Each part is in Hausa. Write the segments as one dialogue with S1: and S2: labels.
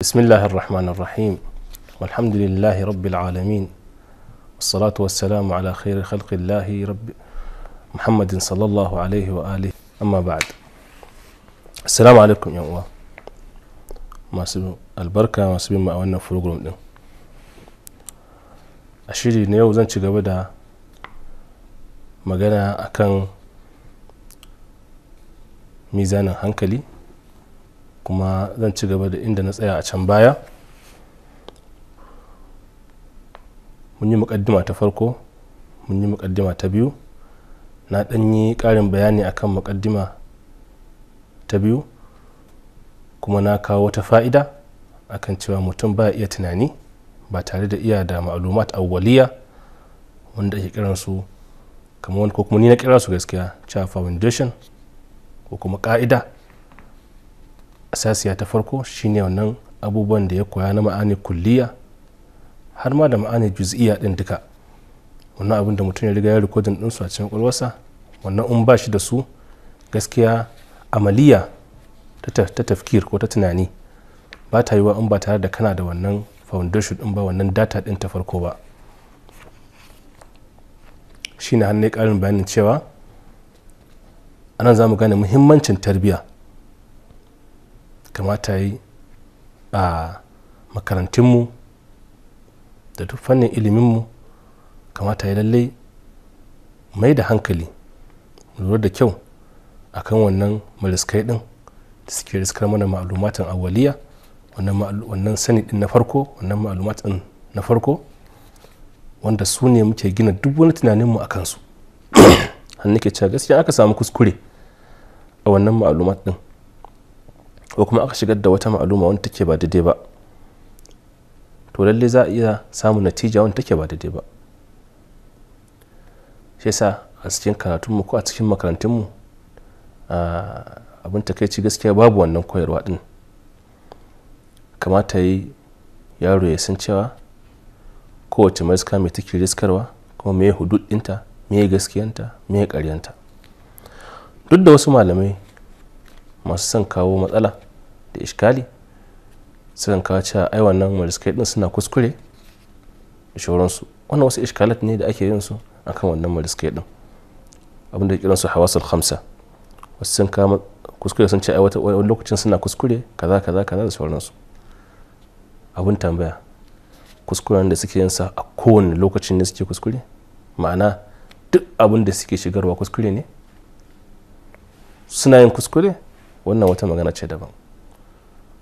S1: بسم الله الرحمن الرحيم والحمد لله رب العالمين والصلاة والسلام على خير خلق الله رب محمد صلى الله عليه وآله أما بعد السلام عليكم يا الله ما سبب البركة ما سبب ما أولنا din a shiri na yau zan ci gaba da magana akan kuma zan ci gaba da inda na tsaya a can baya mun yi mukaddima ta farko mun yi mukaddima ta biyu na ɗan yi ƙarin bayani akan mukaddima ta biyu kuma na kawo wata fa'ida akan cewa mutum ba iya tunani ba tare da iya da ma'alumat awwaliya wanda ake kiransu kamar wani kuma ni na kira su gaskiya cewa foundation ko kuma ka'ida asasiya ta farko shine wannan abubuwan da ya koya na ma'ani kulliya har ma da ma'ani juz'iya din duka wannan abin da mutum ya riga ya rikodin din su a cikin ƙwalwarsa wannan in ba shi da su gaskiya amaliya ta tafkir ko ta tunani ba ta yiwa in ba tare da kana da wannan foundation din ba wannan data din ta farko ba shine ne hannun ƙarin bayanin cewa anan za mu gane muhimmancin tarbiyya kamata yi a makarantunmu da duk fannin iliminmu kamata yi lallai mai da hankali lura da kyau a kan wannan mariskai din da suke riskar mana ma'alumatan awaliya wannan sani din na farko wannan ma'alumatan na farko wanda su ne muke gina duk wani tunaninmu a kansu hannu ke cewa gaskiya aka samu kuskure a wannan ma'alumat ɗin ko kuma aka shigar da wata ma'aluma wanda take ba daidai ba to lalle za a iya samun natija wanda take ba daidai ba shi yasa a cikin karatunmu ko a cikin makarantunmu abin takaici gaskiya babu wannan koyarwa din kamata yi yaro ya san cewa kowace maska mai take riskarwa kuma mai hudud ɗinta mai gaskiyanta mai karyanta duk da wasu malamai masu son kawo matsala da iskali sukan kawo cewa ai wannan mariskai din suna kuskure da shauransu wannan wasu iskalat ne da ake yin su akan wannan mariskai din abin da kiransu hawasul khamsa wasu sun kama kuskure sun ce ai wata wani lokacin suna kuskure kaza kaza kaza da sauransu abin tambaya kuskuren da suke yin sa a kowane lokacin ne suke kuskure ma'ana duk abin da suke shigarwa kuskure ne suna yin kuskure wannan wata magana ce daban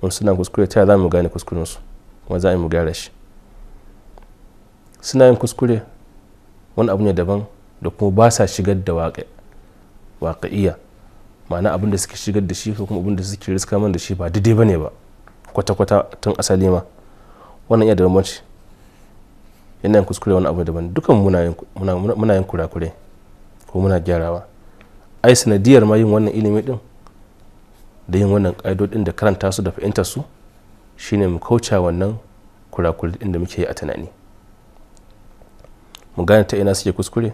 S1: in suna kuskure ta za mu gane kuskurensu kuma za mu gyara shi suna yin kuskure wani abu ne daban da kuma ba sa shigar da waƙa'iya ma'ana abin da suke shigar da shi ko kuma abin da suke riska man da shi ba daidai ba ne ba kwata-kwata tun asali ma wannan iya da bambanci yana yin kuskure wani abu daban dukan muna yin kurakure ko muna gyarawa ai sanadiyar ma yin wannan ilimi din da yin wannan ƙa'idodin da karanta su da fahimtar su shine mu kauce wannan kurakuri din da muke yi a tunani mu gane ta ina suke kuskure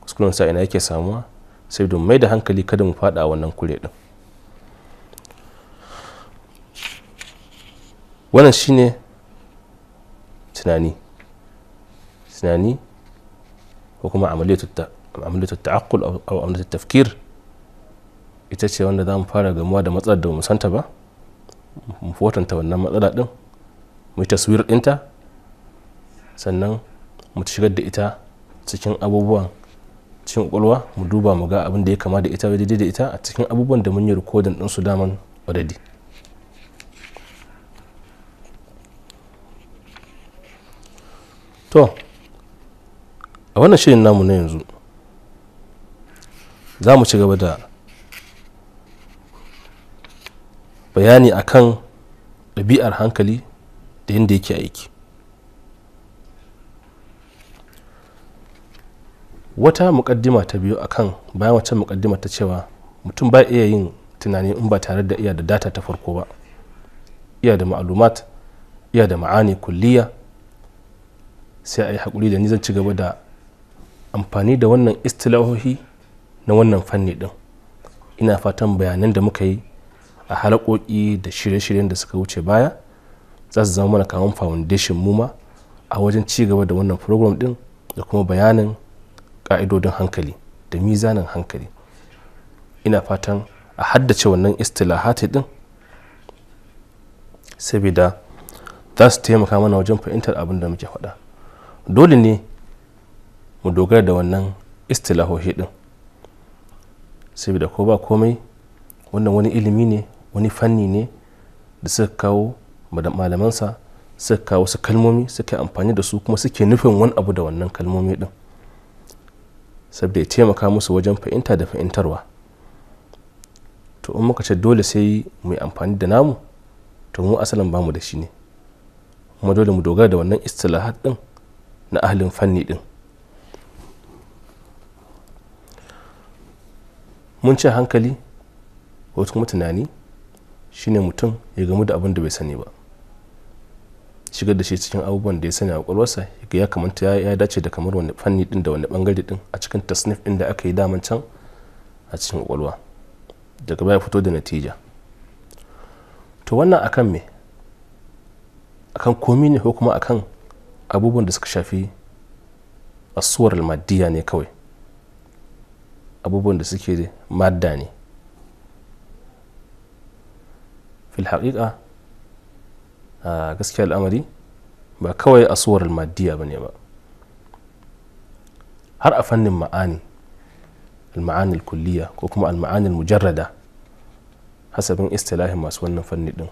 S1: kuskuren sa ina yake samuwa sai don mai da hankali kada mu fada wannan kure din wannan shine tunani tunani ko kuma amaliyatu ta'aqqul aw amaliyatu tafkir ita ce wanda za mu fara gamuwa da matsalar da mu santa ba mu fotanta wannan matsala din mu yi taswir dinta sannan mu shigar da ita cikin abubuwan cikin kwalwa mu duba mu ga abin da ya kama da ita daidai da ita a cikin abubuwan da mun yi rikodin din su daman wadadi to a wannan shirin namu na yanzu za mu ci gaba da bayani akan ɗabi'ar hankali da yadda yake aiki wata mukaddima ta biyu akan bayan wacce mukaddima ta cewa mutum ba iya yin tunani in ba tare da iya da data ta farko ba iya da ma'alumat iya da ma'ani kulliya sai a yi haƙuri da ni zan gaba da amfani da wannan istilahohi na wannan fanni ɗin ina fatan bayanan da muka yi a halakoki da shirye-shiryen da suka wuce baya za su zama mana kamar foundation muma a wajen cigaba da wannan program din da kuma bayanin ka'idodin hankali da mizanin hankali ina fatan a haddace wannan istilahati din saboda za su taimaka mana wajen fahimtar abin da muke faɗa dole ne mu dogara da wannan istilahohi din saboda ko ba komai wannan wani ilimi ne wani fanni ne da suka kawo malamansa suka kawo wasu kalmomi suka yi amfani da su kuma suke nufin wani abu da wannan kalmomi din saboda ya taimaka musu wajen fahimta da fahimtarwa to in muka ce dole sai mu yi amfani da namu to mu asalin bamu da shi ne kuma dole mu dogara da wannan istilahat din na ahalin fanni din mun ce hankali ko kuma tunani shine mutum ya gamu da abin da bai sani ba shigar da shi cikin abubuwan da ya sani a kwakwalwarsa ya kamanta ya dace da kamar wani fanni din da wani bangare din a cikin tasnif din da aka yi daman can a cikin kwakwalwa daga baya fito da natija to wannan akan me akan komi ne ko kuma akan abubuwan da suka shafi asuwar maddiya ne kawai abubuwan da suke madda ne fil haƙiƙa a gaskiya al'amari ba kawai a suwar maddiya ba ne ba har a fannin ma'ani al kulliya ko kuma al mujarrada hasabin istilahin masu wannan fanni din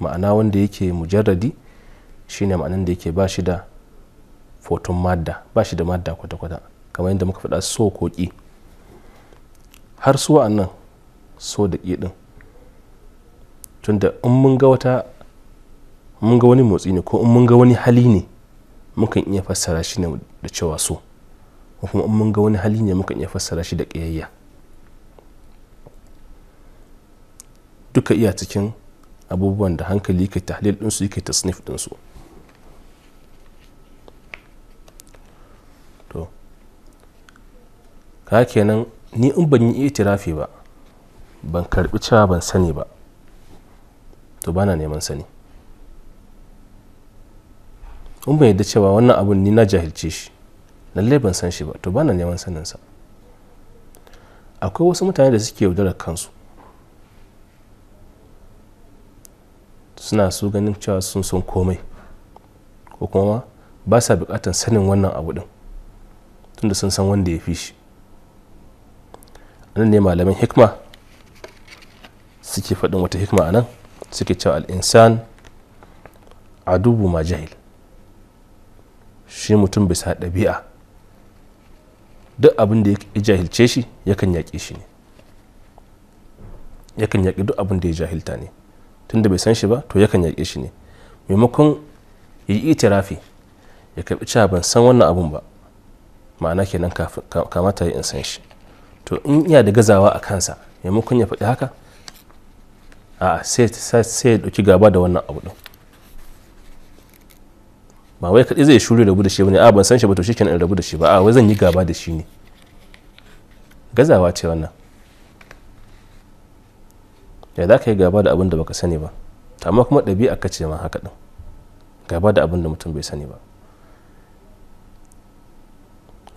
S1: ma'ana wanda yake mujarradi shine ma'anan da yake ba shi da foton madda ba shi da madda kwata-kwata kamar yadda muka faɗa so ko ƙi har su nan so da ƙi din tunda in mun ga wata mun ga wani motsi ne ko in mun ga wani hali ne mukan iya fassara shi ne da cewa so ko kuma in mun ga wani hali ne mukan iya fassara shi da ƙiyayya duka iya cikin abubuwan da hankali ke tahlil ɗinsu yake tasnif ɗinsu to ka kenan ni in ban yi itirafi ba ban karbi cewa ban sani ba to ba na neman sani in ban yadda cewa wannan abun ni na jahilce shi lallai ban san shi ba to ba na neman saninsa akwai wasu mutane da suke yaudarar kansu suna su ganin cewa sun san komai ko kuma ba sa bukatar sanin wannan abu din tunda sun san wanda ya fi shi nan ne malaman hikma suke faɗin wata hikma a nan suke cewa al'insan adubu ma jahil shi mutum bisa ɗabi'a duk abin da ya jahilce shi yakan yaƙi shi ne yakan yaƙi duk abin da ya jahilta ne tun da bai san shi ba to yakan yaƙi shi ne maimakon ya yi itirafi ya karɓi cewa ban san wannan abun ba ma'ana kenan kamata ya in san shi to in iya da gazawa a kansa maimakon ya faɗi haka a sai ya ɗauki gaba da wannan abu ɗin ba wai kaɗai zai shuri rabu da shi ne a ban san shi ba to shi kenan rabu da shi ba a wai zan yi gaba da shi ne gazawa ce wannan ya za ka yi gaba da abin da baka sani ba amma kuma ɗabi'a ka ce ma haka ɗin gaba da abin da mutum bai sani ba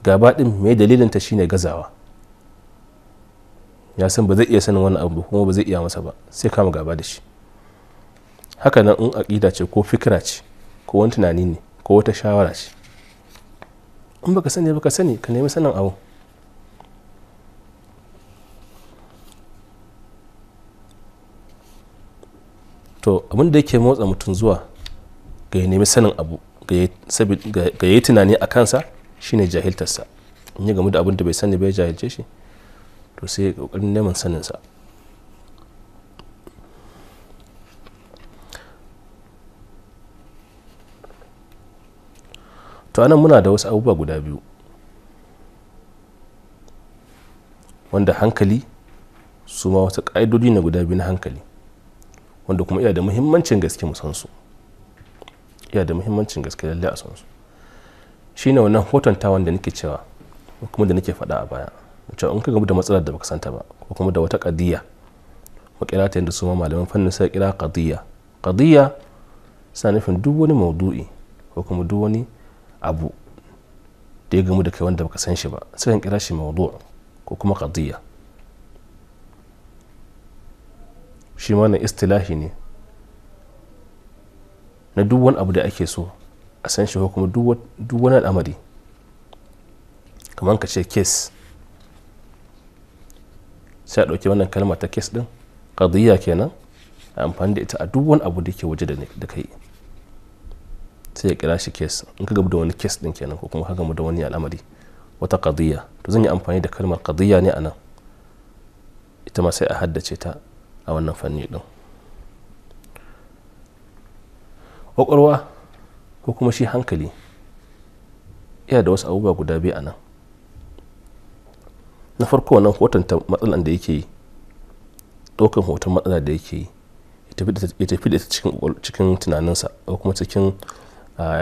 S1: gaba ɗin mai dalilinta shine gazawa ya san ba zai iya sanin wannan abu kuma ba zai iya masa ba sai kama gaba da shi haka nan in aƙida ce ko fikira ce ko wani tunani ne ko wata shawara ce in baka sani baka sani ka nemi sanin abu to abin da yake motsa mutum zuwa ga ya nemi sanin abu ga ya yi tunani a kansa shine jahiltarsa in yi gamu da abin da bai sani bai jahilce shi to sai ya kokarin neman saninsa to anan muna da wasu abubuwa guda biyu wanda hankali su ma wata ƙa'idodi na guda biyu na hankali wanda kuma iya da muhimmancin gaske mu san su iya da muhimmancin gaske lalle a san su shine wannan hoton da nake cewa kuma da nake faɗa a baya cewa in ka gamu da matsalar da baka santa ba ko kuma da wata qadiyya kira ta yadda su ma malaman fannin sai kira qadiyya qadiyya suna nufin duk wani maudu'i ko kuma duk wani abu da ya gamu da kai wanda baka san shi ba sukan kira shi maudu' ko kuma qadiyya shi ma na istilahi ne na duk wani abu da ake so a san shi ko kuma duk wani al'amari kamar ka ce case sai a ɗauki wannan kalma ta kes ɗin ƙadiyya kenan a amfani da ita a duk wani abu da ke waje da kai sai ya kira shi kes in ka gabu da wani kes ɗin kenan ko kuma ka gabu da wani al'amari wata ƙadiyya to zan yi amfani da kalmar ƙadiyya ne a nan ita ma sai a haddace ta a wannan fanni ɗin ƙwaƙwalwa ko kuma shi hankali yana da wasu abubuwa guda biyu a nan na farko wannan hotonta matsalan da yake yi ɗaukan hoton matsala da yake yi ya tafi da ita cikin tunaninsa ko kuma cikin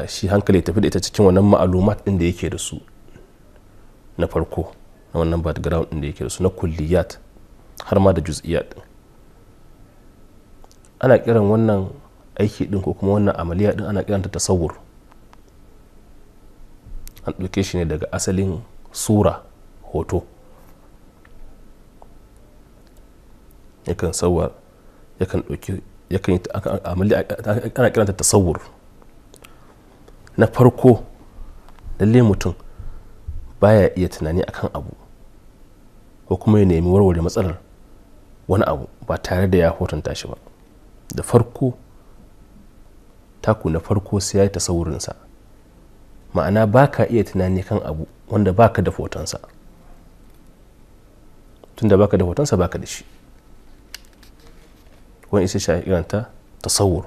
S1: shi hankali ya tafi da ita cikin wannan ma'alumat ɗin da yake da su na farko na wannan background ɗin da yake da su na kulliyat har ma da juz'iyat ana kiran wannan aiki ɗin ko kuma wannan amaliya ɗin ana kiranta tasawur an ɗauke shi ne daga asalin sura hoto yakan sauwa yakan ɗauki yakan yi ana kiranta tasawur na farko lalle mutum baya iya tunani akan abu ko kuma ya nemi warware matsalar wani abu ba tare da ya hoton shi ba da farko taku na farko sai ya yi tasawurinsa ma'ana ba ka iya tunani kan abu wanda ba ka da hotonsa tunda ba ka da hotonsa ba ka da shi wani isa shi ta tasawur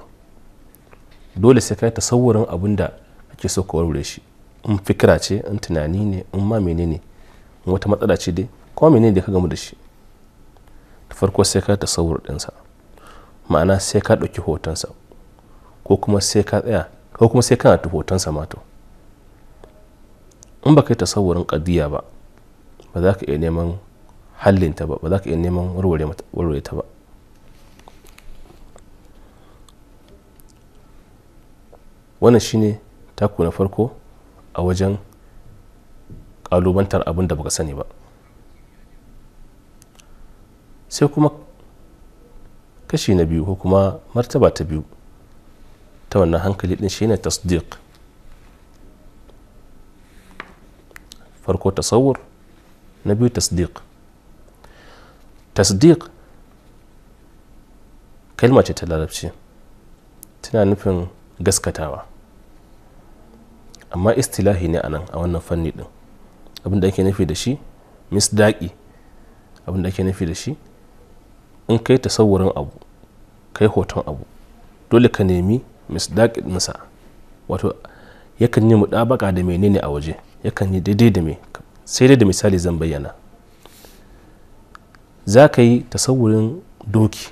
S1: dole sai kai tasawurin abin da ake so ka warware shi in fikira ce in tunani ne in ma menene in wata matsala ce dai kuma menene da ka gamu da shi ta farko sai ka tasawur ɗinsa ma'ana sai ka ɗauki hotonsa ko kuma sai ka tsaya ko kuma sai kana tu hotonsa mato to in ba kai tasawurin ƙadiyya ba ba za ka iya neman hallinta ba ba za ka iya neman warware ta ba wannan shine taku na farko a wajen kalubantar abin da baka sani ba sai kuma kashi na biyu ko kuma martaba ta biyu ta wannan hankali din shine tasdiq farko tasawur na biyu tasdiq tasdiq kalma ce ta larabci tana nufin gaskatawa amma istilahi ne anan a wannan fanni din abinda ake nufi da shi misdaki abinda ake nufi da shi in kai tasawurin abu kai hoton abu dole ka nemi misdaki nasa wato yakan yi mudabaka da menene a waje yakan yi daidai da me sai dai da misali zan bayyana za ka yi tasawurin doki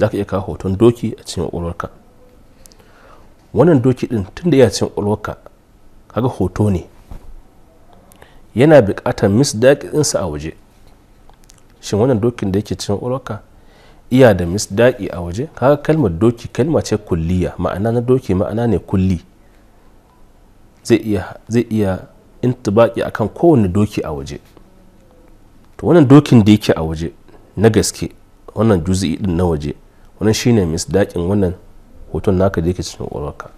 S1: za ka iya kawo hoton doki a cikin ƙwararka wannan doki din tun da ya cin kaga hoto ne yana buƙatar misdaƙi ɗinsa a waje shin wannan dokin da yake cin ulwarka iya da misdaƙi a waje kaga kalmar doki kalma ce kulliya ma'ana na doki ma'ana ne kulli zai iya zai iya intibaki akan kowane doki a waje to wannan dokin da yake a waje na gaske wannan juzi'i din na waje wannan shine misdaƙin wannan hoton naka da yake cikin ƙwaƙwalwarka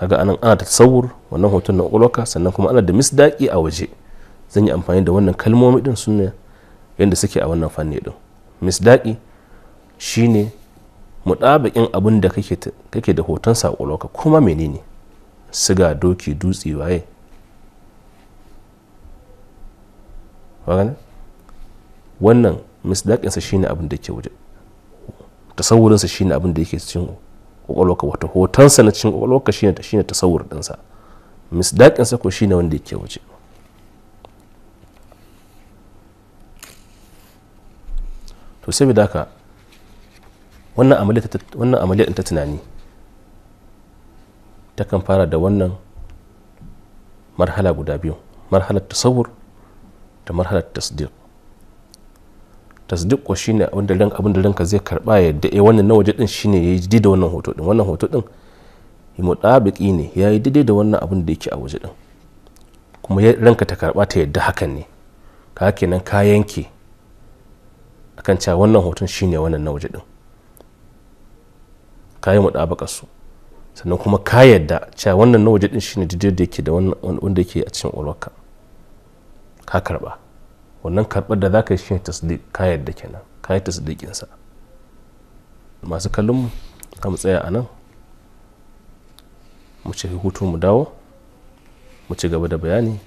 S1: kaga anan ana ta tsawur wannan hoton na ƙwaƙwalwarka sannan kuma ana da misdaƙi a waje zan yi amfani da wannan kalmomi ɗin su ne yadda suke a wannan fanni ɗin misdaƙi shine muɗabaƙin abin da kake da hoton sa ƙwaƙwalwarka kuma menene siga doki dutse waye wannan misdaƙinsa shine abin da ke waje tasawurinsa shine abin da yake cin kwakwalwarka wato hotonsa na cin kwakwalwarka shine shine tasawur dinsa sa ko shine wanda yake waje to saboda haka wannan amaliyar ta tunani ta kan fara da wannan marhala guda biyu marhalar tasawur da marhalar tasdiq tasdiqo shine abin da abin da ranka zai karba yadda eh wannan na waje din shine yi daidai da wannan hoto din wannan hoto din mutabiki ne ya yi daidai da wannan abin da yake a waje din kuma ranka ta karba ta yadda hakan ne ka kenan ka yanke akan cewa wannan hoton shine wannan na waje din ka yi mutabakar su sannan kuma ka yadda cewa wannan na waje din shine daidai da yake da wannan wanda yake a cikin ƙwaƙwalwarka ka karba wannan karɓar da za ka yi shi tasdik ka yadda kenan ka yi tasdikinsa masu kallon mu tsaya a nan mu ci hutu mu dawo mu ci gaba da bayani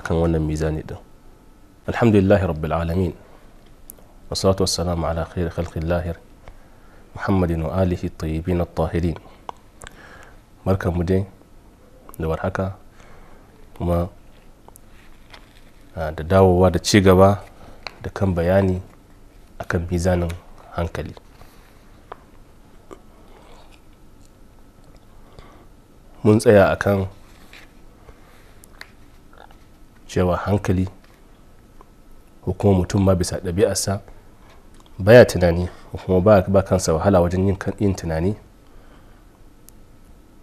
S1: akan wannan mizani din alhamdulillahi rabbil alamin wasalatu wassalamu ala khairi khalqillah muhammadin wa alihi tayyibin at-tahirin barkan mu dai da warhaka kuma Ah, da dawowa da cigaba da kan bayani akan mizanin hankali mun tsaya a kan cewa hankali ko kuma mutum ma bisa ɗabi'arsa baya tunani ko kuma ba kansa wahala wajen yin tunani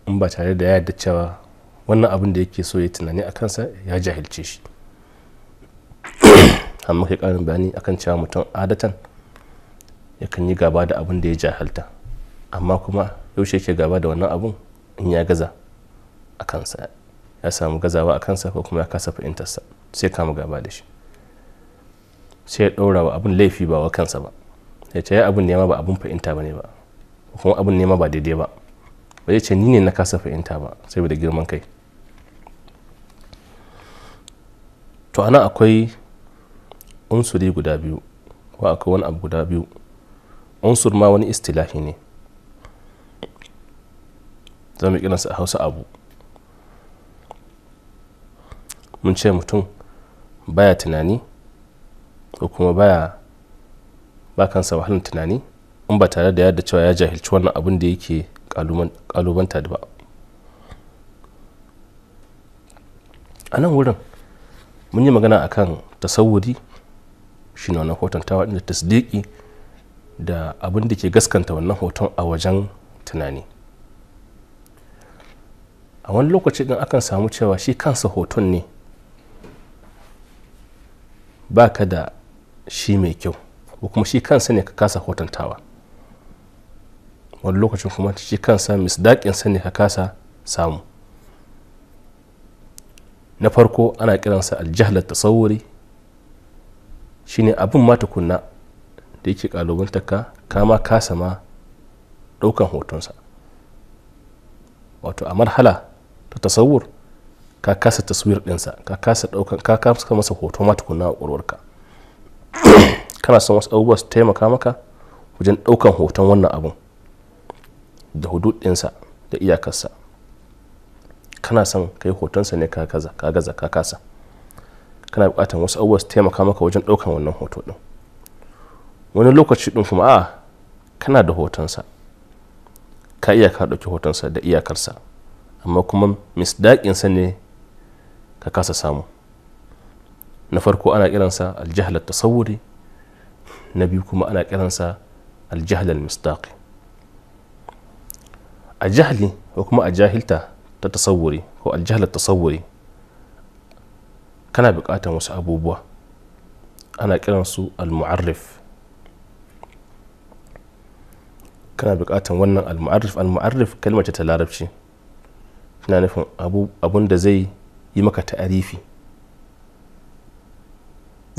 S1: in ba tare da ya yarda cewa wannan abin da yake so ya tunani a kansa ya jahilce shi har muka karin bayani akan cewa mutum adatan yakan yi gaba da abin da ya jahalta amma kuma yaushe yake gaba da wannan abun in ya gaza a kansa ya samu gazawa a kansa ko kuma ya kasa fahimtarsa sai kama gaba da shi sai ya ɗora wa abin laifi ba wa kansa ba ya ce ya abin nema ba abin fahimta ba ne ba kuma abin nema ba daidai ba ba zai ce ni ne na kasa fahimta ba saboda girman kai to ana akwai unsuri guda biyu ko akwai wani abu guda biyu unsur ma wani istilahi ne zama kiransa a hausa abu mun ce mutum baya tunani ko kuma baya ba kansa wahalar tunani in ba tare da yadda cewa ya jahilci wannan abin da yake kalubanta da ba a nan wurin mun yi magana akan tasawuri shi ne wannan hotontawa da sadiƙi da abin da ke gaskanta wannan hoton a wajen tunani a wani lokaci ɗin akan samu cewa shi kansa hoton ne ba ka da shi mai kyau ko kuma shi kansa ne ka kasa hotontawa wani lokacin kuma shi kansa misdaƙinsa ne ka kasa samu na farko ana kiransa aljahlar tasawuri shine abin ma da yake kalubantar ka kama kasa ma daukan hotonsa wato a marhala ta tasawur ka kasa taswir ɗinsa ka kasa daukan ka kasa masa hoto ma tukunna a kurwarka kana son wasu abubuwa su taimaka maka wajen daukan hoton wannan abun da hudud ɗinsa da iyakarsa kana son kai hotonsa ne ka gaza ka kasa kana bukatar wasu abubuwa su taimaka maka wajen ɗaukan wannan hoto ɗin wani lokaci ɗin kuma a kana da hotonsa ka iya ka ɗauki hotonsa da iyakarsa amma kuma misdaƙinsa ne ka kasa samu na farko ana kiransa aljahalar tasawuri na biyu kuma ana kiransa aljahalar misdaƙi a jahali ko kuma a jahilta ta tasawuri ko aljahalar tasawuri kana bukatan wasu abubuwa ana kiransu al-mu'arrif kana bukatan wannan al-mu'arrif al-mu'arrif kalmar ta larabci suna nufin abun da zai yi maka ta'arifi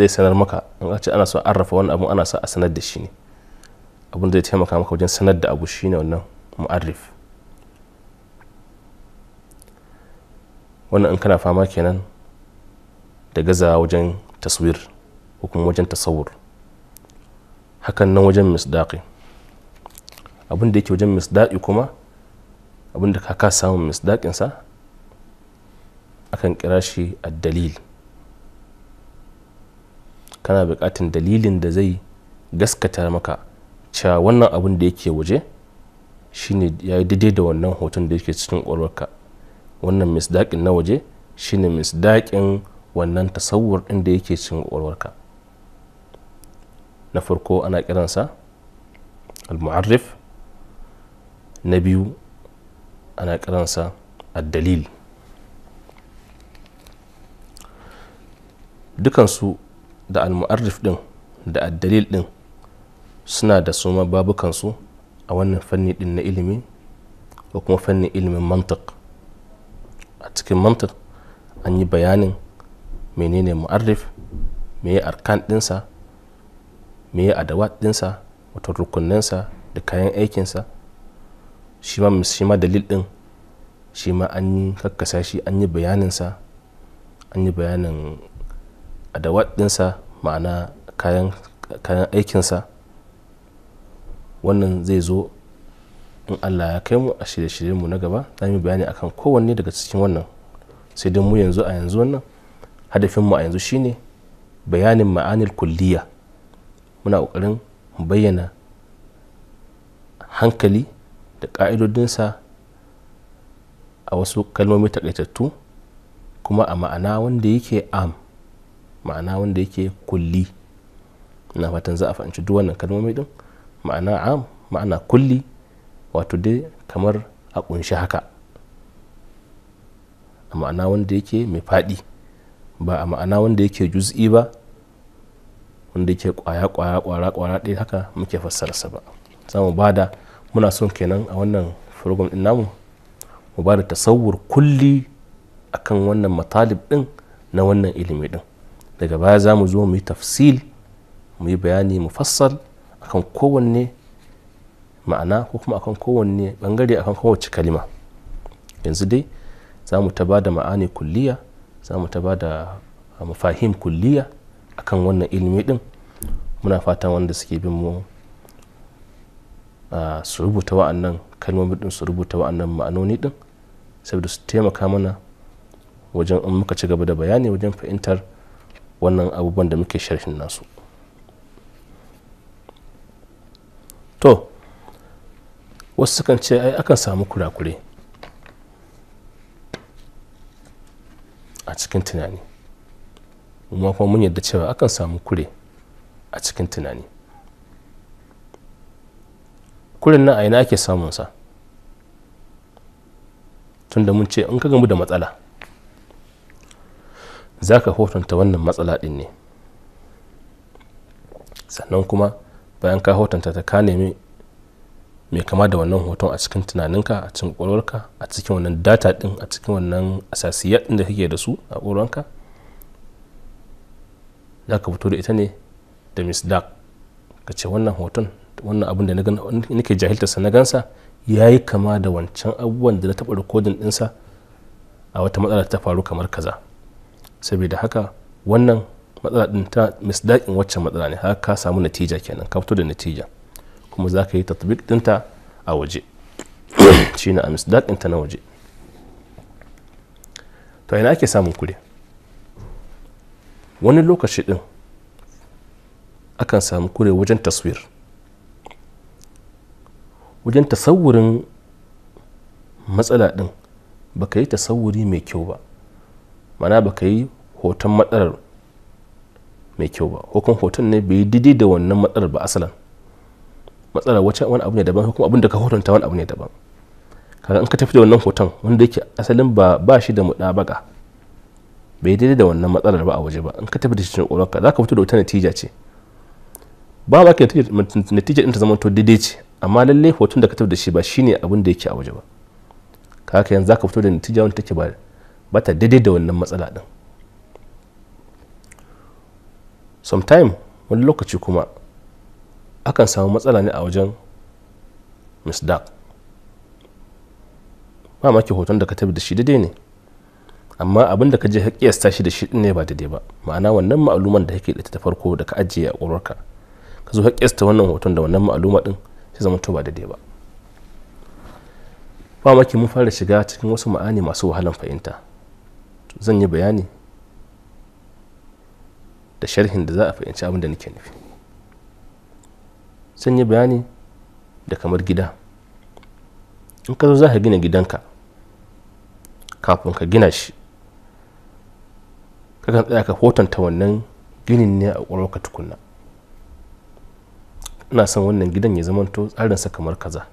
S1: zai sanar maka in ce ana so arrafa wani abu ana so a sanar da shi ne abun da zai taimaka maka wajen sanar da abu shine wannan mu'arrif wannan in kana fama kenan da gaza wajen taswir ko kuma wajen tasawur hakan nan wajen misdaƙi abin da yake wajen misdaƙi kuma abin da ka samun misdaƙinsa akan kira shi a dalil kana buƙatar dalilin da zai gaskata maka cewa wannan abin da yake waje shine ya yi daidai da wannan hoton da yake cikin ƙwarwarka wannan misdaƙin na waje shine misdaƙin wannan tasawur ɗin da yake cin ƙwaƙwalwarka na farko ana kiransa al-mu'arrif na biyu ana kiransa ad-dalil dukansu da al-mu'arrif din da ad-dalil din suna da suma babukansu a wannan fanni din na ilimi ko kuma fannin ilimin mantik a cikin mantik an yi bayanin menene mu'arrif me ya arkan ɗinsa me ya adawat dinsa wato rukuninsa da kayan aikinsa shi ma shi ma dalil din shi ma an kakkasa shi an yi bayaninsa an yi bayanin adawat dinsa ma'ana kayan aikinsa wannan zai zo in allah ya kai mu a shirye shiryen mu na gaba za mu bayani akan kowanne daga cikin wannan sai dai mu yanzu a yanzu wannan hadafinmu a yanzu shine bayanin ma'anil kulliya muna ƙoƙarin bayyana hankali da ƙa'idodinsa a wasu kalmomi takaitattu kuma a ma'ana wanda yake am ma'ana wanda yake kulli na fatan za a fahimci duk wannan kalmomi din ma'ana am ma'ana kulli wato dai kamar a kunshi haka a ma'ana wanda yake mai faɗi ba a ma'ana wanda yake juz'i ba wanda yake kwaya kwaya kwara kwara ɗaya haka muke sa ba za mu da muna son kenan a wannan program ɗin namu mu ba da tasawur kulli akan wannan matalib ɗin na wannan ilimi ɗin daga baya za mu zo mu yi tafsil mu yi bayani mu fassal akan kowanne ma'ana ko kuma akan kowanne bangare akan kowace kalima yanzu dai za mu ta ba da ma'ani kulliya za mu ta ba da ah, mafahim kulliya akan wannan ilimi din muna fatan wanda suke bin mu ah, su rubuta wa'annan kalmomi din su rubuta wa'annan ma'anoni din saboda su taimaka mana wajen in muka ci gaba da bayani wajen fahimtar wannan abubuwan da muke sharhin nasu to wasu kan ce ai akan samu kurakure a cikin tunani kuma kuma mun yadda cewa akan samu kure a cikin tunani kurin nan a ina ake samun samunsa tunda mun ce in ka gamu da matsala za ka hotonta wannan matsala ɗin ne sannan kuma bayan ka hotonta ta ka nemi mai kama da wannan hoton a cikin tunaninka a cikin ƙwarwarka a cikin wannan data din a cikin wannan asasiyar ɗin da kake da su a ƙwarwarka za ka fito da ita ne da miss dark ka ce wannan hoton wannan abin da nake sa na gansa ya yi kama da wancan abubuwan da na taɓa rikodin ɗinsa a wata matsala ta faru kamar kaza saboda haka wannan matsala ɗin ta misdaƙin wacce matsala ne haka ka samu natija kenan ka fito da natija kuma za ka yi tatbik dinta a waje shi na amisdaq ɗinta na waje to ina ake samun kure wani lokaci ɗin akan samu kure wajen taswir wajen tasawurin matsala ɗin baka yi tasawuri mai kyau ba mana baka yi hoton matsalar mai kyau ba hukun hoton ne bai yi didi da wannan matsalar ba asalan matsalar wacce wani abu ne daban kuma abin da ka hotonta wani abu ne daban kaga in ka tafi da wannan hoton wanda yake asalin ba ba shi da mudabaka bai daidai da wannan matsalar ba a waje ba in ka tafi da shi ƙwaƙwalwarka za ka fito da wata natija ce ba ma ka natija ɗin ta zama to daidai ce amma lallai hoton da ka tafi da shi ba shine abin da yake a waje ba kaga yanzu za ka fito da natija wanda take ba ba ta daidai da wannan matsala ɗin sometime wani lokaci kuma akan samu matsala ne a wajen misdaq ba maki hoton da ka tabi da shi daidai ne amma abin da ka je kiyasta shi da shi din ne ba daidai ba ma'ana wannan ma'aluman da kake da ta farko da ka ajiye a ƙwarwarka ka zo kiyasta wannan hoton da wannan ma'aluma din sai zama to ba daidai ba ba maki mun fara shiga cikin wasu ma'ani masu wahalan fahimta zan yi bayani da sharhin da za a fahimci abin da nake nufi sun yi bayani da kamar gida in ka zo za ka gina gidanka kafin ka gina shi ka kan tsaya ka hotonta wannan ginin ne a ƙwararwa tukunna ina son wannan gidan ya zamanto tsarinsa kamar kaza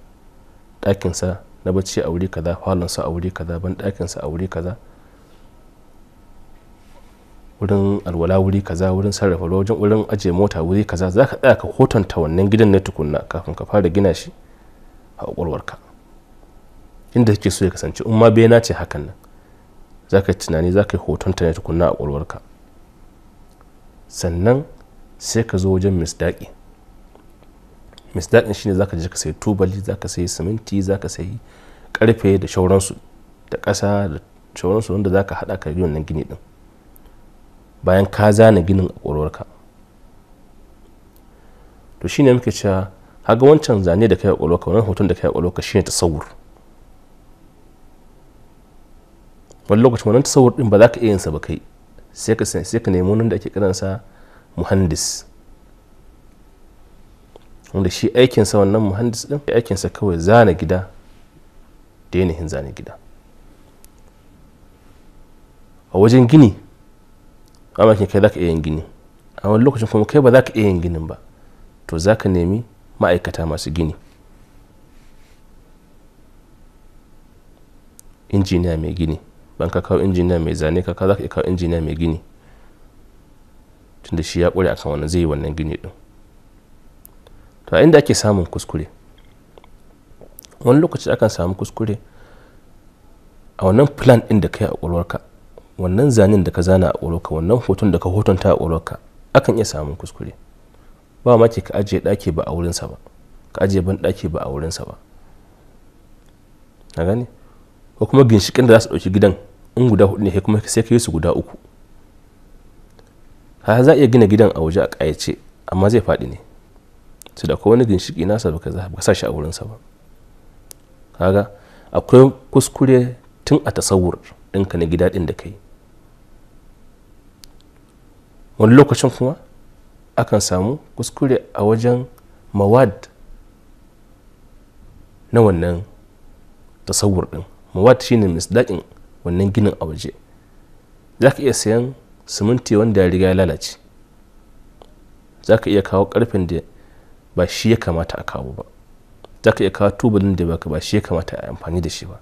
S1: ɗakinsa na bacci a wuri kaza falonsa a wuri kaza ban ɗakinsa a wuri kaza wurin alwala wuri kaza wurin sarrafa wajen wurin ajiye mota wuri kaza za ka tsaya ka hotonta wannan gidan na tukunna kafin ka fara gina shi a ƙwaƙwalwarka inda kake so ya kasance in ma bai ce hakan nan za ka tunani za ka yi hotonta na tukunna a ƙwaƙwalwarka sannan sai ka zo wajen misdaƙi misdaƙin shine za ka je ka sayi tubali za ka sayi siminti za ka sayi karfe da shauransu da ƙasa da shauransu wanda za ka haɗa ka yi wannan gini ɗin bayan ka zana ginin a ƙwarwarka to shine muke cewa haga wancan zane da kai a ƙwarwarka wannan hoton da kai a ƙwarwarka shine tasawur wani lokacin wannan tasawur din ba za ka iya yin sa ba kai sai ka sai ka nemi ake kiransa muhandis wanda shi aikinsa wannan muhandis din aikinsa kawai zana gida da yanayin zane gida a wajen gini mamakin kai za ka iya yin gini a wani lokacin kuma kai ba za ka iya yin ginin ba to za ka nemi ma'aikata masu gini injiniya mai gini ban ka kawo injiniya mai zane ka za ka iya kawo injiniya mai gini tunda shi ya a akan wannan zai yi wannan gini din to a inda ake samun kuskure wani lokaci akan samu kuskure a wannan plan din da kai a ƙwaƙwalwarka wannan zanen da ka zana a ƙwaƙwalwarka wannan hoton da ka hotonta a ƙwaƙwalwarka akan iya samun kuskure ba ma ka ajiye ɗaki ba a wurinsa ba ka ajiye ban ɗaki ba a wurinsa ba na gane ko kuma ginshikin da za su ɗauki gidan in guda hudu ne kuma sai ka yi su guda uku ha za a iya gina gidan a waje a ƙayace amma zai faɗi ne su da wani ginshiki nasa ba ka sa shi a wurinsa ba kaga akwai kuskure tun a tasawur ɗinka na gida ɗin da ka yi wani lokacin kuma akan samu kuskure a wajen mawad na wannan tasawur din mawad shine misdaƙin wannan ginin a waje za ka iya sayan siminti wanda ya riga ya lalace za ka iya kawo karfin da ba shi ya kamata a kawo ba za ka iya kawo tubalin da ba shi ya kamata a amfani da shi ba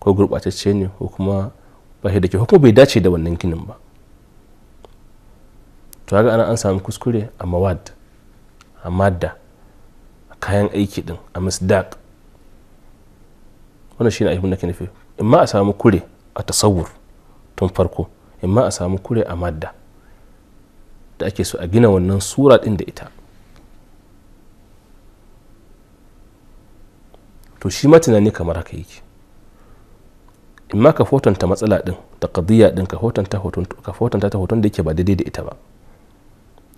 S1: ko gurɓatacce ne ko kuma ba shi da ke kuma bai dace da wannan ginin ba to ga ana an samu kuskure a mawad a madda a kayan aiki din a misdaq wannan ne abin da ke nufi ma a samu kure a tasawur tun farko in ma a samu kure a madda da ake so a gina wannan sura din da ita to shi ma tunani kamar haka yake in ma ka fotonta matsala din ta kadiya din ka fotonta hoton ka fotonta ta hoton da yake ba daidai da ita ba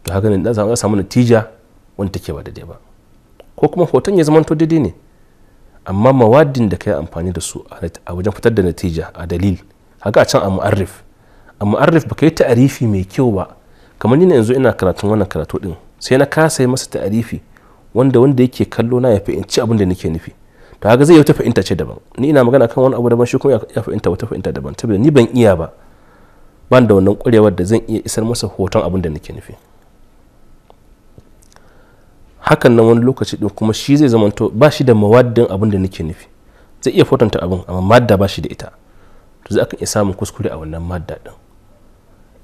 S1: to haka ne da za samu natija wanda take ba daidai ba ko kuma hoton ya zamanto daidai ne amma mawadin da ka yi amfani da su a wajen fitar da natija a dalil haka a can a mu'arrif a mu'arrif ba ka yi ta'arifi mai kyau ba kamar ni yanzu ina karatun wannan karatu din sai na kasa yi masa ta'arifi wanda wanda yake kallo na ya fi in ci abin da nake nufi to haka zai wata fahimta ce daban ni ina magana kan wani abu daban shi kuma ya fahimta wata fahimta daban saboda ni ban iya ba ban da wannan kwarewar da zan iya isar masa hoton abin da nake nufi hakan nan wani lokaci din kuma shi zai to ba shi da mawaddin abin da nake nufi zai iya fotonta abin amma madda ba shi da ita to zai akan iya samun kuskure a wannan madda din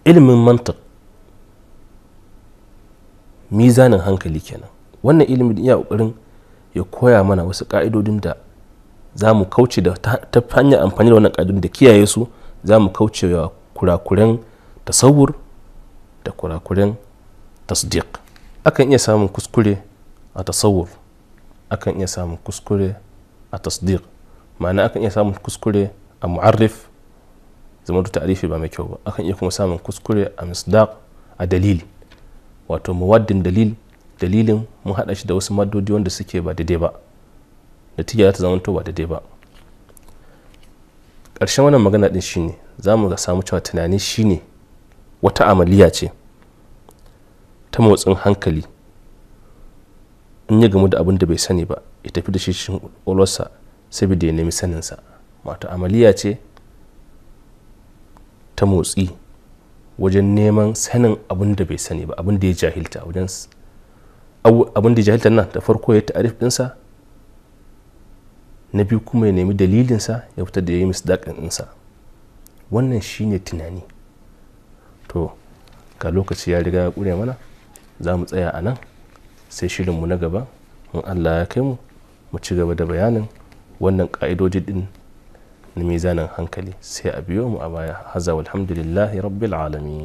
S1: ilimin mantar mizanin hankali kenan wannan ilimin iya kokarin ya koya mana wasu ka'idodin da za mu kauce da ta hanyar amfani da wannan ka'idodin da kiyaye su za mu kauce wa kurakuren tasawur da kurakuren tasdiq akan iya samun kuskure a tasawur akan iya samun kuskure a tasdiq ma'ana akan iya samun kuskure a mu'arrif zama da ta'arifi ba mai kyau ba akan iya kuma samun kuskure a misdaq a dalil wato muwaddin dalil dalilin mun haɗa shi da wasu madodi wanda suke ba daidai ba natija za ta zama ba daidai ba ƙarshen wannan magana ɗin shine za mu ga samu cewa tunani shine wata amaliya ce ta motsin hankali in yi gamu da abin da bai sani ba ya tafi da shi cikin ƙwaƙwalwarsa saboda ya nemi saninsa wato amaliya ce ta motsi wajen neman sanin abin da bai sani ba abin da ya jahilta wajen abin da jahiltar nan da farko ya ta'arif ɗinsa na biyu kuma ya nemi dalilinsa ya fita da ya yi misdaƙin ɗinsa wannan shine tunani to ga lokaci ya riga ya ƙure mana za mu tsaya a nan sai shirinmu na gaba in allah ya kai mu mu ci gaba da bayanin wannan ƙa'idoji ɗin na mizanin hankali sai a biyo mu a baya haza walhamdulillahi rabbil alamin